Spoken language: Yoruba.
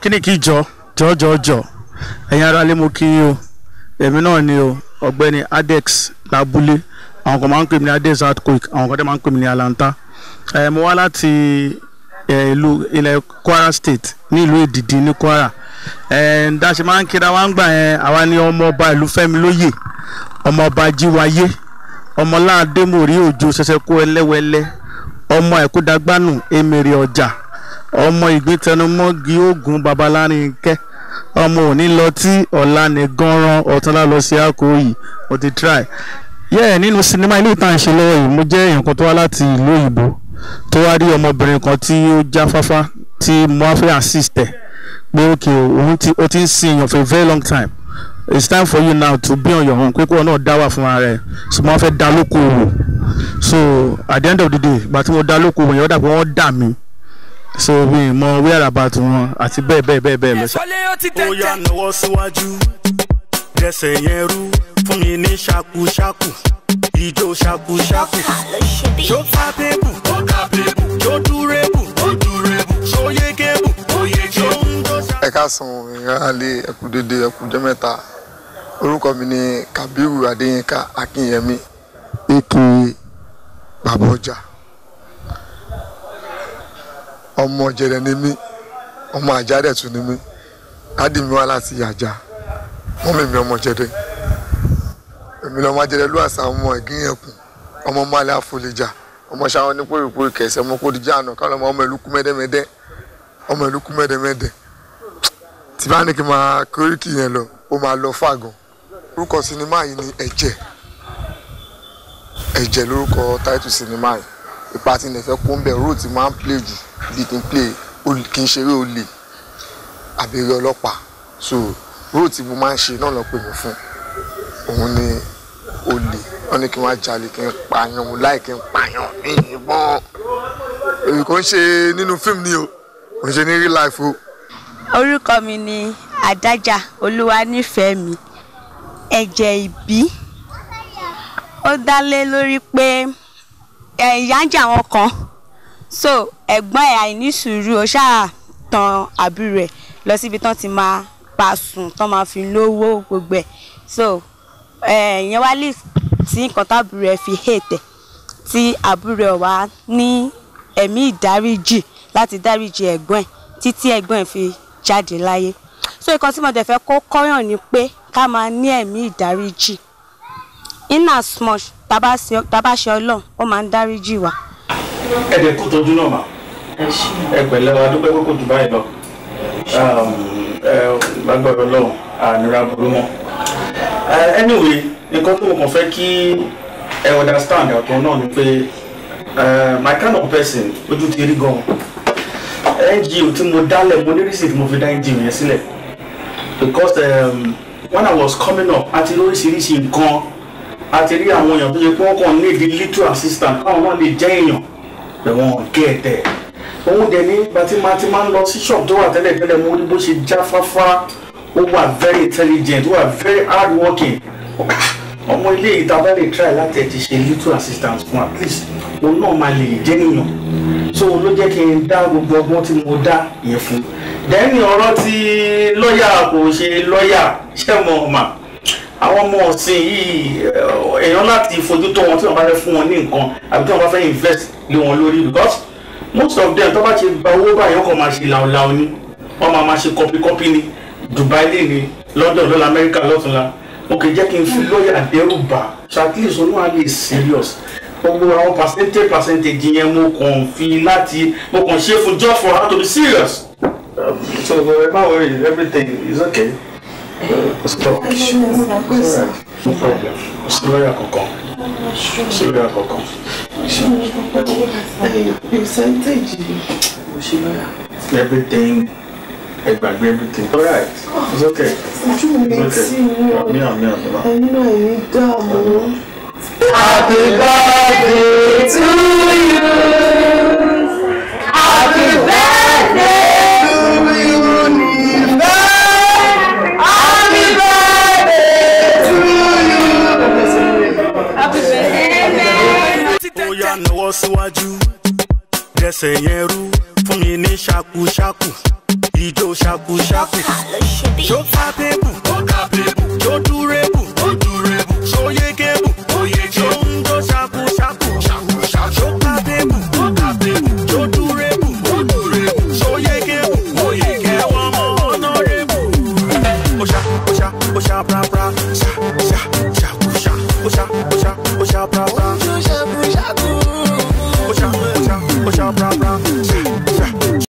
kíni kí jọ jọ jọ jọ ẹ̀yin ará lé mo kí yín o èmi náà ni o ọ̀gbẹ́ni adex labule àwọn kan máa ń pè mí ní adex earthquake àwọn kan tẹ́ máa ń pè mí ní alanta mo wá láti ìlú ilẹ̀ kwara state ní ìlú èdìdì ní kwara ẹ̀ dáṣe máa ń kira wá ń gbà yẹn àwa ni ọmọọba ìlú fẹ́mi lóye ọmọọba jíwáyé ọmọláàdé òjò ṣẹṣẹ kó ẹlẹ́wẹ́lẹ́ ọmọ ẹ̀kúdagbánu emèrè ọjà ọmọ ìgbẹ́tẹnumọ́gi ogun babalárínkẹ́ ọmọ òní lọ tí ọ̀la ní gánran ọ̀túnla lọ sí àkóyì mo ti try. yẹ́ẹ̀ nínú sinimá ilé ìtàn ṣe lọ́wọ́ yìí mo jẹ́ èèyàn kan tó wá láti ìlú òyìnbó tó wá rí ọmọbìnrin kan tí ó jáfáfá tí mo wá fẹ́ assist ẹ̀ pé òkè òun ti ó ti ń sin èèyàn for a very long time it's time for you now to be on your own kókó náà dá wà fún ara ẹ̀ so mo wá fẹ́ dá lóko òwò so at the end of the day ìgbà mo dá lóko òwò yẹn ó dà pé wọ́n dà mí so mi mọ whereabout wọn àti bẹ́ẹ̀ bẹ́ẹ̀ bẹ́ẹ̀ bẹ́ẹ̀ lọ. ó yá nawọ́ síwájú dẹsẹ̀ yẹn rú fún mi ní ṣakúṣakú ìjó ṣakúṣakú. ṣó ta bébù ó ta bébù ṣó dúrébù ó dúrébù ṣó yégébù ó yégébù. ẹ káàsán ìrànlẹ ẹkùdédé ẹkùjọ mẹ́ta orúkọ mi ni Kabiru Adéyínká Akínyẹmí ètò bàbá ọmọ jẹrẹ ni mí ọmọ àjà dẹ̀ tún ni mí dádì mi wá láti àjà mọ́mì mi ọmọ jẹrẹ èmi lọ́mọ jẹrẹ ló àṣà ọmọ ìgínyẹ̀kùn ọmọ mọ́lẹ̀ àfọlẹ́jà ọmọ ṣáwọn ní pòròpòrò kẹsẹ̀ ọmọ kòdìjà àná káwọn ọmọ ọmọ ìlú kú mẹ́dẹ́mẹ́dẹ́ ọmọ ìlú kú mẹ́dẹ́mẹ́dẹ́ tí bá ní kí n máa koríkì yẹn lọ ó máa lọ fàgàn orúkọ sinimá yìí ni ẹ̀jẹ̀ ẹ̀jẹ̀ lórúkọ táìtù sinimá yìí ipa tí nìfẹ́ kó ń bẹ̀ ró tí máa ń play jù bí kí n play kí n ṣeré olè àbẹ̀rẹ̀ ọlọ́pàá so ró tí mo máa ń ṣe náà lọ pè mí fún òun ni olè wọn ní kí n wá jalè kí n pààyàn òun láì kí n pààyàn ní ìbọn èyí kò ń ṣe nínú fíìmù ni o kò ń ṣe ní real life o. orúkọ mi ni adájà Olúwanífẹ̀mí ẹ̀jẹ̀ ìbí ó dá lé lórí pé. Pe Eh, ìyà ń kan so ẹ̀gbọ́n ẹ̀ àìní sùúrù ó ṣáà tan àbúrò ẹ̀ lọ síbi tán ti máa bá a sùn tán máa fi lówó gbogbo ẹ̀ so eh, ìyẹn wá lè tí nǹkan tábúrò ẹ̀ fi hate ẹ̀ tí àbúrò ẹ̀ wá ní ẹ̀mí ìdáríjì láti dáríjì ẹ̀gbọ́n ẹ̀ títí ẹ̀gbọ́n ẹ̀ fi jáde láyé so nǹkan tí mo dẹ̀ fẹ́ kó kọ́yàn ni pé ká máa ní ẹ̀mí ìdáríjì in as much bàbá ṣe ọlọ́run ó máa ń dáríjì wá. ẹ̀dẹ̀ kò tọ́jú náà mà ẹ pẹ̀lẹ́ wa dúpẹ́ kókò jù báyìí lọ lágbára um, ọlọ́run ànira burú mọ́. anyway nǹkan tó mọ̀ fẹ́ kí ẹ understand ọ̀tọ̀ náà ni pé my kind of person ojú ti rí gan-an ngo tí mo dálẹ̀ mo ní receipt mo fi dá ngo yẹn sílẹ̀ because um, when I was coming up àti lóríṣiríṣi nǹkan àti rí àwọn èèyàn tó yẹ kí wọ́n kàn níbi little assistant káwọn náà lè jẹ́ èèyàn ẹ̀wọ̀n kí ẹ tẹ̀. òun dẹ̀ ní batima ti máa ń lọ sí shop tó wà tẹ́lẹ̀ tẹ́lẹ̀ mo rí bó ṣe jáfáfá ó wà very intelligent ó wà very hard working ọmọ ilé yìí tàbá lè try láti ẹ̀ ti ṣe little assistant fún at least òun náà máa lè jẹ́ èèyàn so ló jẹ́ kí n dá gbogbo ọgbọ́n tí mo dá yẹn fún. dẹ́ni ọ̀rọ̀ tí lọ́ọ̀yà kò ṣe lọ́ọ̀yà ṣẹ́ mọ̀ ọ́n àwọn ọmọ ọ̀sìn yìí eh, èèyàn láti fojú tó wọn tí wọn bá fẹ́ fún wọn ní nǹkan àbí tí wọn bá fẹ́ invest lé wọn lórí because most of them tó bá ti gba owó báyìí wọn kàn máa ṣe làwùlàwù ni wọn máa máa ṣe kọpíkọpí ni Dubai lè ní London lọ́la Amẹ́ríkà lọ́túnla ok jẹ́ kí n fi lọ́ọ̀yà dẹ́rù bà so at least olúwa lè serious gbogbo àwọn percentage percentage yẹn mo kàn fi láti mo kàn ṣe fún just for her to be serious. Um, so ẹ báwo everything is okay stop issue everything ẹ everything. all right it's okay it's okay. mi àmì àmì lọ síwájú dẹsẹ̀ yẹn rú fún mi ní ṣakúṣakú ijó ṣakúṣakú. ṣó ká pébù ó ká pébù ṣó dúrébù ó dúrébù ṣó yégébù ó yégébù ṣó ń jó ṣakúṣakú ṣó ká pébù ó ká pébù ṣó dúrébù ó dúrébù ṣó yégébù ó yégébù ẹwọ́n mọ ọ̀nà rébù. ó ṣá ó ṣá ó ṣá pra pra ṣá ṣá ó ṣá ó ṣá ó ṣá pra